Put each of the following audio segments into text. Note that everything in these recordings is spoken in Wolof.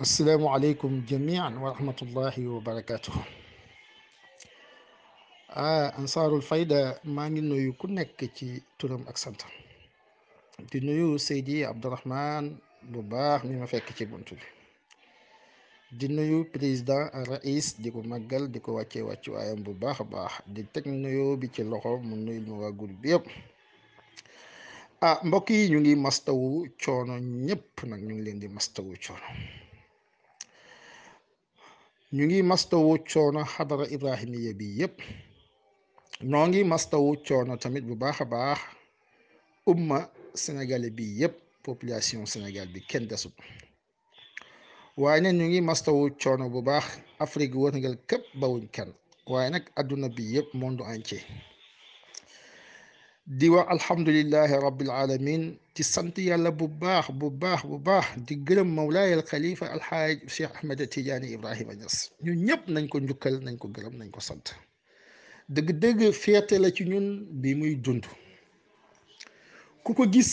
السلام عليكم جميعا ورحمة الله وبركاته آه أنصار الفايدة ما نينو يكون نكتي تلم أكسنت دي سيدي عبد الرحمن بباح مما فاكتي بنتو دي نيو بريزدان رئيس دي كو مقل دي كو واتي واتي وايام بباح باح دي تك نيو بيتي لغو من نيو المواغول بيب ah mbokk yi ñu ngi mastawu coono ñëpp nag ñu ngi leen di mastawu coono ñu ngi mastawu coono xadara ibrahimiya bi yëpp noo ngi mastawu coono tamit bu baax a baax umma sénégalais bi yëpp population sénégal bi kenn desut waaye nag ñu ngi mastawu coono bu baax afrique wërngal képp bawuñ kenn waaye nag adduna bi yëpp monde entier di wax alhamdulillahi rabbil alamin ci sant yàlla bu baax bu baax bu baax di gërëm mawlaay al xalifa alxaaj cheikh ahmed tidiane ibrahima ñas ñun ñëpp nañ ko njukkal nañ ko gërëm nañ ko sant dëgg-dëgg fierté la ci ñun bi muy dund ku ko gis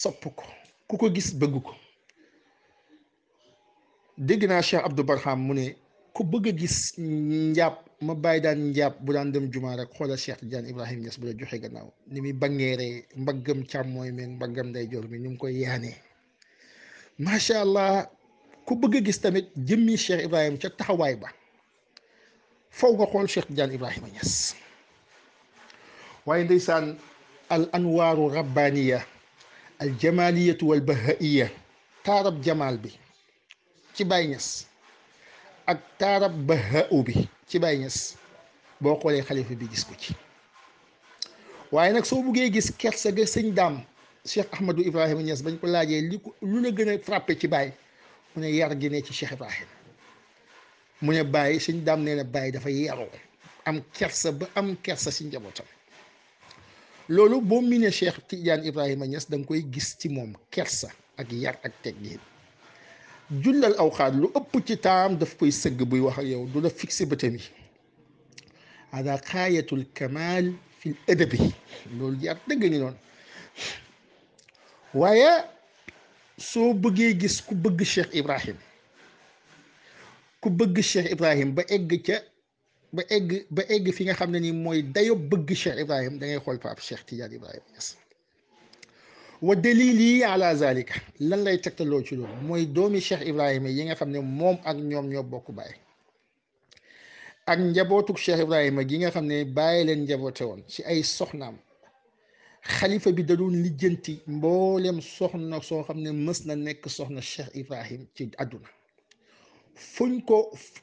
sopp ko ku ko gis bëgg ko dégg naa cheikh abdou barham mu ne ku bëgg gis njàpp ma bàyyi daan njàpp bu daan dem jumaa rek xoola Cheikh Tidiane Ibrahim Niass bu la joxe gannaaw ni muy bangeeree mbaggam càmmooy meeg mbaggam ndeyjoor mi ni koy yaanee macha allah ku bëgg a gis tamit jëmmi Cheikh Ibrahim ca taxawaay ba faw nga xool Cheikh Tidiane Ibrahima Niass waaye ndeysaan al anwaaru rabbaaniya al jamaliyatu wal bahaiya taarab jamaal bi ci Baye Niass ak taarab bahau bi ci Baay Ñas boo xoolee xalifa bi gis ko ci waaye nag soo buggee gis kersa ga sëñ daam Cheikh Ahmadou Ibrahima Niass bañ ko laajee li ko lu la gën a frappé ci Baay mu ne yar gi ne ci Cheikh Ibrahima mu ne Baay sëñ daam nee na dafa yaroo am kersa ba am kersa si njabootam loolu boo miinee Cheikh Tidiane Ibrahima Niass da danga koy gis ci moom kersa ak yar ak teg teggin jullal aw xaaj lu ëpp ci taam daf koy sëgg buy wax ak yow du la fixé bëtam yi hada xaayatul kamal fil adabi loolu jaar dëgg ni noonu waaye soo bëggee gis ku bëgg Cheikh Ibrahim ku bëgg Cheikh Ibrahim ba egg ca ba egg ba egg fi nga xam ne nii mooy dayo bëgg Cheikh Ibrahim da ngay xool Pape Cheikh Tidiane Ibrahima Niass wa dalili ala zalika lan lay tegtaloo ci loolu mooy doomi Cheikh Ibrahima yi nga xam ne moom ak ñoom ñoo bokk baay ak njabootuk Cheikh Ibrahima gi nga xam ne bàyyi leen njaboote woon ci ay soxnaam xalifa bi da doon lijjanti mboolem soxna soo xam ne mës na nekk soxna Cheikh Ibrahim ci àdduna fuñ ko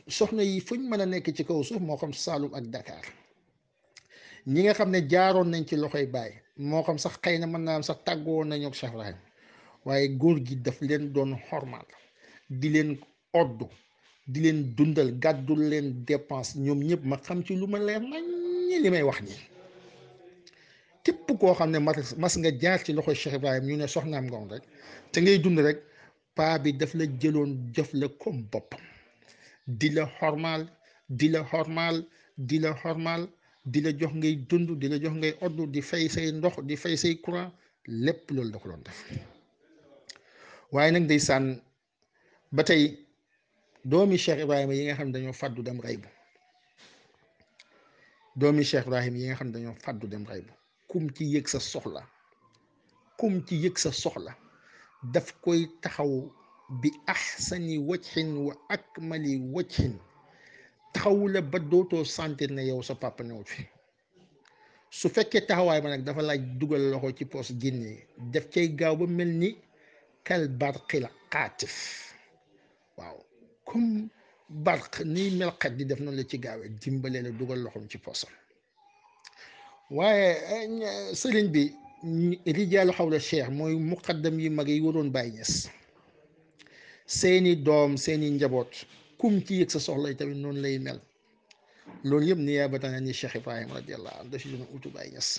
soxna yi fuñ mën a nekk ci kaw suuf moo xam Saalum ak Dakar ñi nga xam ne jaaroon nañ ci loxoy bàyyi moo xam sax xëy na mën naa am sax tàggoo nañu ak waaye góor gi daf leen doon xormaal di leen oddu di leen dundal gàddu leen dépense ñoom ñëpp ma xam ci lu ma leer naññi li may wax nii képp koo xam ne mas nga jaar ci loxoy Cheikh Ibrahim ñu ne soxnaam ngoon rek te ngay dund rek paa bi daf la jëloon jëf la comme bopp di la xormaal di la xormaal di la xormaal di la jox ngay dund dina jox ngay oddu di fay say ndox di fay say courant lépp loolu da ko doon def waaye nag ndeysaan ba tey doomi Cheikh Ibrahima yi nga xam ne dañoo fàddu dem rey bu doomi Cheikh Ibrahima yi nga xam ne dañoo fàddu dem rey bu kum ci yëg sa soxla kum ci yëg sa soxla daf koy taxaw bi ahsani wajhin wa akmali wajhin taxawula ba dootoo sentir ne yow sa papa fi su fekkee taxawaay ba nag dafa laaj dugal loxo ci poos génnee def cay gaaw ba mel ni kal la xaatif waaw comme barq ni melxat di def noonu la ci gaawee dimbale la dugal loxom ci poosam waaye eh, sëriñ bi xaw xawla cheikh mooy muqaddam yi mag yi waroon bàyyi seeni doom seeni njaboot kum ci yëg sa soxla yi tamit noonu lay mel loolu yëpp ni yaabataane ni Cheikh Ibrahima radiallahu anhu dafi doon utu Baay Ñas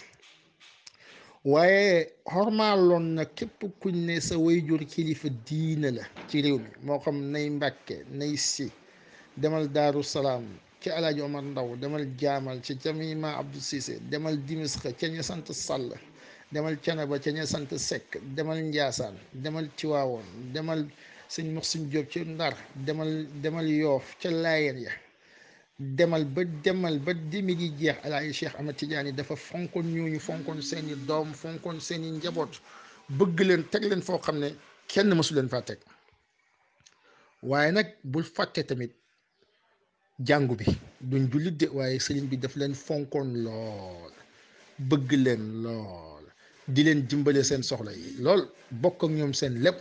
waaye xormaaloon na képp kuñ ne sa wayjur kilifa diina la ci réew mi moo xam nay Mbàkke nay si demal Daaru Salaam ci Alaaji Omar Ndaw demal jaamal ci Jamima Abdou Cissé demal dimiska ca ña sant Sàll demal Canaba ca ña sant Sekk demal Njaasaan demal Tiwaawoon demal sëñ Muxsin Jóob ci Ndar demal demal Yoof ca Laayeen ya demal ba demal ba dimi gi jeex alaaji Cheikh Ahmad Tidiane dafa fonkoon ñooñu fonkoon seeni doom fonkoon seeni njaboot bëgg leen teg leen foo xam ne kenn mësuleen leen faa teg waaye nag bul fàtte tamit jàngu bi duñ jullit de waaye sëriñ bi daf leen fonkoon lool bëgg leen lool di leen dimbale seen soxla yi lool bokkak ñoom seen lépp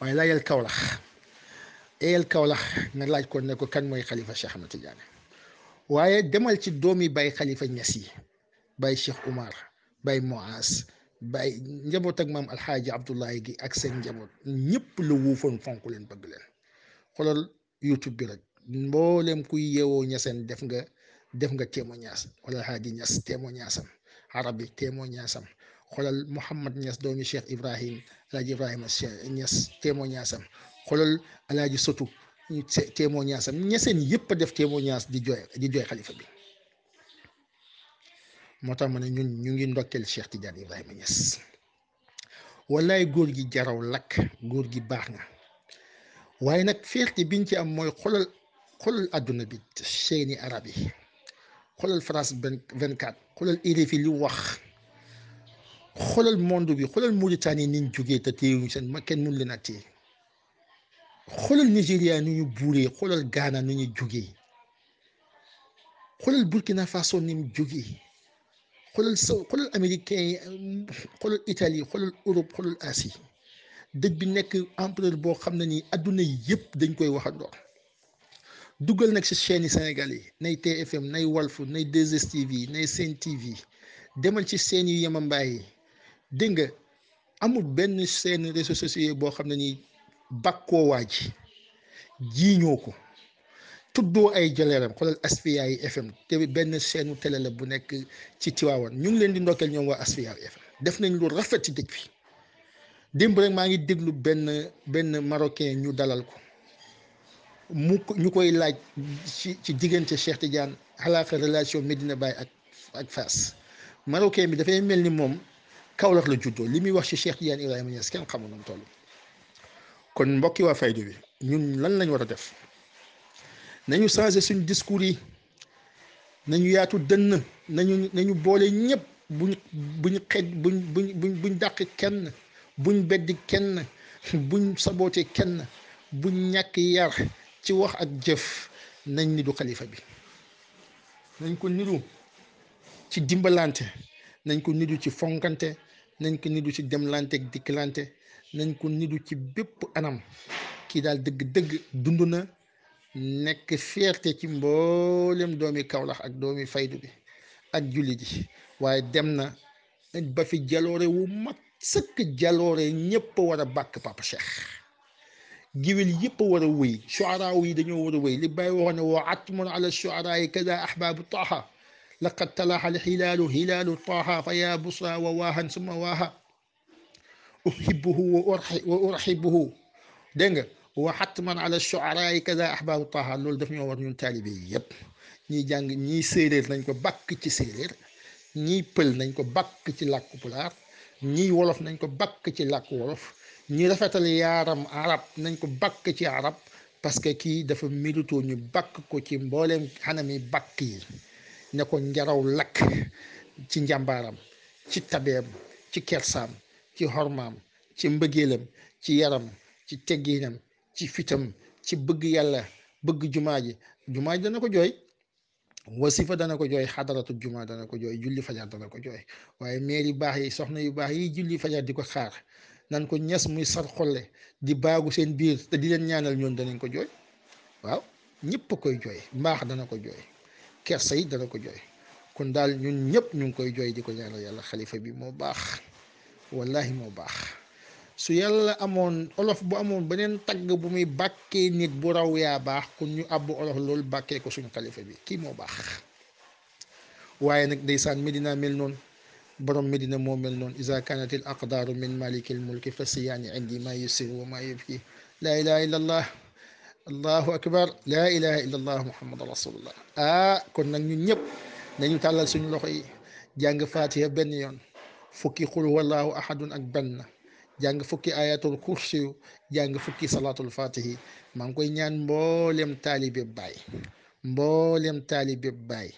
waaye laajal Kaolack eyal Kaolack nga laaj kon ne ko kan mooy xalifa Cheikh Ahmed Tidiane waaye demal ci doomi Baye xalifa Niass yi Baye Cheikh Oumar Baye Moaz Baye njaboot ak maam Alxaaji Abdoulaye gi ak seen njaboot ñëpp la wuufoon fonk leen bëgg leen xoolal YouTube bi rek mboolem kuy yeewoo ñaseen def nga def nga témoignage wala Alxaaji Niass témoignage am arab yi témoignage am xoolal Mouhamad Niass doomi Cheikh Ibrahim alaaji Ibrahima Niass témoignage am xoolal alaaji Sotu témoignage am ñeseen yëpp a def témoignage di jooy di jooy xalifa bi moo tax ma ne ñun ñu ngi ndokkeel Cheikh Tidiane Ibrahima Niass wallaay góor gi jaraw lakk góor gi baax na waaye nag fierté biñ ci am mooy xoolal xoolal àdduna bi seeni arab yi xoolal France vingt-quatre xoolal RFI li wax xoolal monde bi xoolal Mauritanie ni ñu jógee te téyewuñ seen ma kenn mënu leen a téye xoolal Nigéria nu ñu buuree xoolal Ghana nu ñu jógee xoolal Burkina Faso ni mu jógee xoolal sa xoolal américain yi xoolal Italie xoolal Europe xoolal Asie dëj bi nekk empereur boo xam ne nii adduna yëpp dañ koy waxandoo duggal nag ci chaîne senegal Sénégal yi nay TFM nay Walf nay 2STV nay Sen TV demal ci seeni yu yemambaay yi dégg nga amul benn seen réseaux sociaux boo xam ne ni bakkoo waa jiiñoo ko tuddoo ay jëleeram xoolal Asfiyahi FM te benn seenu télé la bu nekk ci Tiwaawan ñu ngi leen di ndokkeel ñoom waa Asfiyahi FM def nañ lu rafet ci dëj bi démb maa ngi déglu benn benn marocain ñu dalal ko mu ñu koy laaj ci ci diggante Cheikh Tidiane xalaaka relation Medina Baye ak ak Fass marocain bi dafay mel ni moom Kaolack la juddoo li muy wax ci Cheikh Tidiane Ibrahima Niass kenn xamul nu mu toll kon mbokki waa faydu bi ñun lan lañ war a def nañu changé suñ discours yi nañu yaatu dënn nañu nañu boole ñëpp buñ buñ buñ dàq kenn buñ beddi kenn buñ saboote kenn buñ ñàkk yar ci wax ak jëf nañ ni du xalifa bi nañ ko niru ci dimbalante nañ ko niru ci fonkante nañ ko nidu ci demlante ak dikklante nañ ko nidu ci bépp anam ki daal dëgg-dëgg dund na nekk fierté ci mboolem doomi kawlax ak doomi faydu bi ak julli ji waaye dem na ba fi jaloore wu mat sëkk jaloore ñëpp war a bàkk papa cheikh giwel yëpp war a wëy shuaraaw yi dañoo war a wëy li bàyyi waxoon ne wa atmun ala shuaraa yi kada taha لقد تلاح الحلال هلال طه فيا بصا وواها ثم واها أحبه وأرحبه دنگ وحتما على الشعراء كذا أحباب طه لول دفن يورن تالبي يب ني جانج ني سيرير نانكو باك تي سيرير ني بل نانكو باك تي لاكو بلار ني ولف نانكو باك تي لاكو ولف ني رفتل يارم عرب نانكو باك تي عرب باسكو كي دافا ميلوتو ني باك كو تي مبولم خانامي باكير ne ko ngelaw lakk ci njàmbaaram ci tabeem ci kersaam ci xormaam ci mbëggeelam ci yaram ci tegginam ci fitam ci bëgg yàlla bëgg jumaa ji jumaa ji dana ko jooy wasifa dana ko jooy xadaratu jumaa dana ko jooy julli fajar ko jooy waaye meer yu baax yi soxna yu baax yi julli fajar di ko xaar nan ko ñas muy sar xolle di baagu seen biir di leen ñaanal ñoon danañ ko jooy waaw ñëpp koy jooy mbaax dana ko jooy kersa yi dana ko jooy kon daal ñu ñëpp ñu ngi koy jooy di ko ñaanal yàlla xalifa bi moo baax wallahi moo baax su yàlla amoon olof bu amoon beneen tagg bu muy bàkkee nit bu raw yaa baax kon ñu àbb olof loolu bàkkee ko suñu xalifa bi kii moo baax waaye nag ndeysaan Medina mel noonu borom Medina moo mel noonu isa kanat al aqdaaru min maliki al fa siyaani indi ma yusir wa ma yubki laa ilaha illa allah الله اكبر لا اله الا الله محمد رسول الله اه كنا نيب نيو تالال سونو لوخي جانغ فاتحه بن يون فكي قل هو الله احد اكبرنا جانغ فكي ايات الكرسي جانغ فكي صلاه الفاتحه مانكوي نيان مبولم طالب باي مبولم طالب باي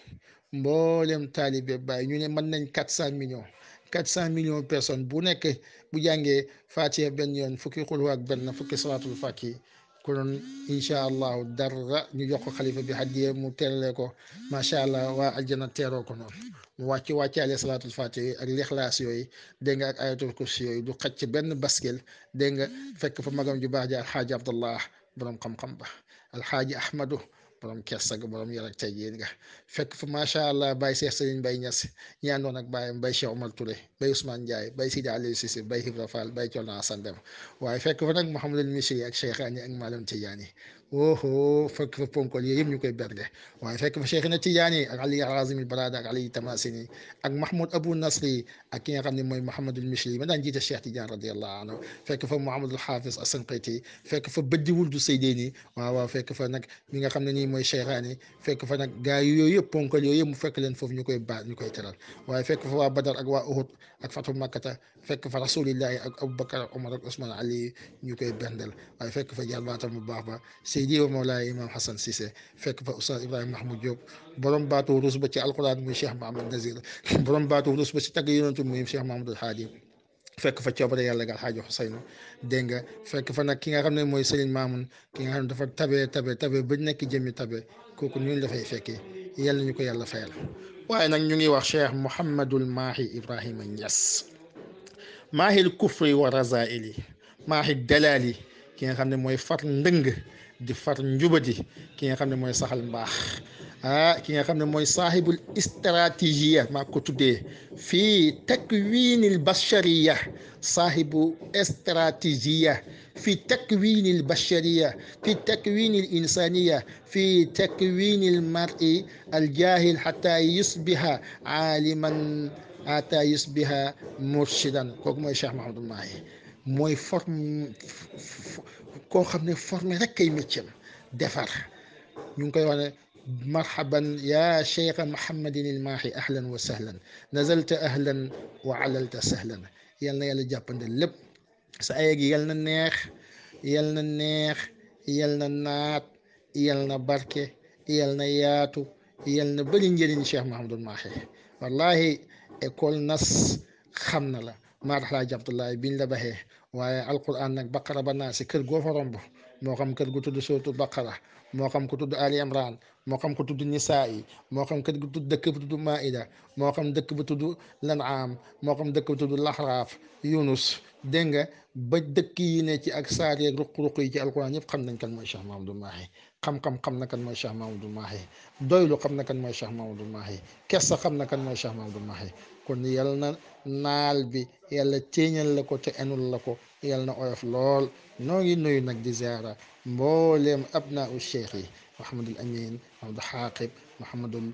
mbollem talibé bay ñu né man nañ 400 millions 400 millions personnes bu nek bu jangé fatiha ben yon fukki khulwa ak ben fukki salatul fakih konon inchallahu darra ñu jox ko xalifa bi haddiye mu teeralee ko macha allah waa aljana teeroo ko noonu mu wàcc wàccaale salaatul fatiha yooyu ak lixlaas yooyu dégg nga ak ayatul kursi yooyu du xaj ci benn baskel dégg nga fekk fa magam ju baax ja alxaaji abdallah borom xam-xam ba alxaaji ahmadu borom kessa ga borom yar ak tey jii nga fekk fa macha allah Baye Cheikh Serigne bay Niass ñi àndoon ak Baye bay Cheikh Omar Touré bay Ousmane Ndiaye bay Sidi Aliou Cissé bay Ibra Fall bay Thierno Assane Deme waaye fekk fa nag Mouhamadul Misri ak Cheikh Ani ak Malam Tidiane oho fakfa ponkol yooyu yëpp ñu koy berde waaye fekk fa Cheikh na Tidiane ak Ali Razim al Barada ak Ali Tamasini ak Mahmoud Abou Nasri ak ki nga xam ne mooy Mouhamadul Michli ma daan jiite Cheikh Tidiane radiallahu anhu fekk fa Mouhamadul Hafiz Asanqiti fekk fa bëddi wuldu Seydeni waaw waaw fekk fa nag mi nga xam ne nii mooy Cheikhani fekk fa nag gaa yi yooyu yëpp ponkol yooyu yëpp mu fekk leen foofu ñu koy ba ñu koy teral waaye fekk fa waa Badar ak waa Uhud ak Fatu Makkata fekk fa rasulillahi ak aboubacar omar ak ousmane ali ñu koy bendel waaye fekk fa jarbaatam bu baax ba seydi wa mawlaay imam hasan Cissé fekk fa oustaz ibrahima mahmoud diop borom baatu rus ba ci alquran muy cheikh mahamad nazir borom baatu rus ba ci tagg yonent muy cheikh mahamadul haadi fekk fa coobare yàlla gal xaajo xusaynu dégg nga fekk fa nag ki nga xam ne mooy sëriñ maamun ki nga xam ne dafa tabee tabee tabee ba nekk jëmmi tabee kooku ñun dafay fekkee yàlla ñu ko yàlla fayal waaye nag ñu ngi wax cheikh mouhamadul maahi ibrahima ñas ما هي الكفر والرزائل ما هي الدلالي كي خامني موي فار ندنغ دي فار نجوبدي كي خامني موي صاحل مباخ ا آه، كي خامني موي صاحب الاستراتيجيه ما كوتودي في تكوين البشريه صاحب استراتيجيه في تكوين البشريه في تكوين الانسانيه في تكوين المرء الجاهل حتى يصبح عالما ata yusbiha murshidan kooku mooy Cheikh Mahamadul Mahi mooy forme koo xam ne forme rek kay métier defar ñu ngi koy wax ne marhaban ya cheikh Mouhamadin il Mahi ahlan wa sahlan nazalta ahlan wa alalta sahlan yal na yàlla jàppandal lépp sa ayeg yal na neex yal na neex yal na naat yal na barke yal na yaatu yal na bëri njëriñ cheikh Mahamadul Mahi wallahi école nas xam na la maa tax laa jàptulaay biñ la baxee waaye alquran nag baqara ba naa si kër goo fa romb moo xam kër gu tudd sootu baqara moo xam ko tudd ali imran moo xam ko tudd nisaa yi moo xam kër gu tudd dëkk bu tudd maida moo xam dëkk bu tudd lanaam moo xam dëkk bu tudd laxraaf yunus dégg nga ba dëkk yi ne ci ak saar yeeg ruq-ruq yi ci alquran yëpp xam nañ kan mooy Cheikh Mahamadou Mahi xam-xam xam na kan mooy Cheikh Mahamadou Mahi doylu xam na kan mooy Cheikh Mahamadou Mahi kessa xam na kan mooy Cheikh Mahamadou kon yal na naal bi yàlla téeñal la ko te enul la ko yal na oyof lool noo ngi nuyu nag di ziara mbooleem abna u cheikh yi mahamadul amin mahamadou xaaqib mahamadul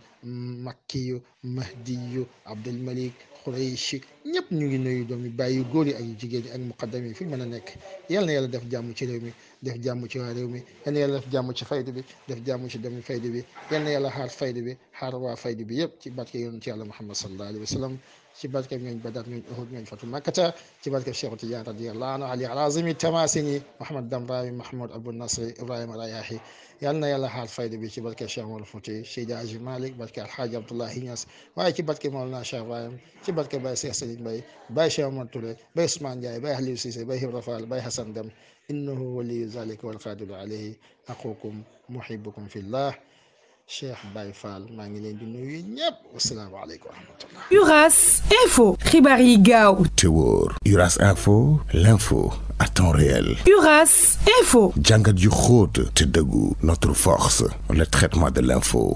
makkiyu mahdiyu abdul malik Xuraysh ñëpp ñu ngi nuyu doom yi bàyyi góor yi ak jigéen yi ak muqaddam yi fu ñu mën a nekk yal na yàlla def jàmm ci réew mi def jàmm ci waa réew mi yal na yàlla def jàmm ci fayda bi def jàmm ci doomi fayda bi yal na yàlla xaar fayda bi xaar waa fayda bi yëpp ci barke yoon ci yàlla Muhammad sallallahu alayhi wa sallam ci barkeb ñooñ Badar ñooñ Uhud ñooñ Fatu Makkata ci barkeb Cheikh Tidiane radiyallahu anhu ali alazimi tamasini Mouhamed Damrawi Mahmoud Abou Nasri Ibrahima Rayahi yal na yàlla xaar fayda bi ci barkeb Cheikh Omar Fouti Seydi Aji Malick barke Alhaji Abdoulahi Niass waaye ci barkeb Mawlana Cheikh Ibrahim ci barkeb Baye Cheikh Serigne Mbaye Baye Cheikh Omar Touré Baye Ousmane Ndiaye Baye Aliou Cissé Baye Ibra Fall Baye Hassan Deme innahu waliyu zalika walqadiru alayhi aqukum muhibbukum fillah Cheikh Bayfal, Fall maa ngi leen di nuyu ñëpp Uras info. Ribari Gao, gaaw. te Uras info l'info à temps réel. Uras info. jàngat yu xóot te notre force le traitement de l'info.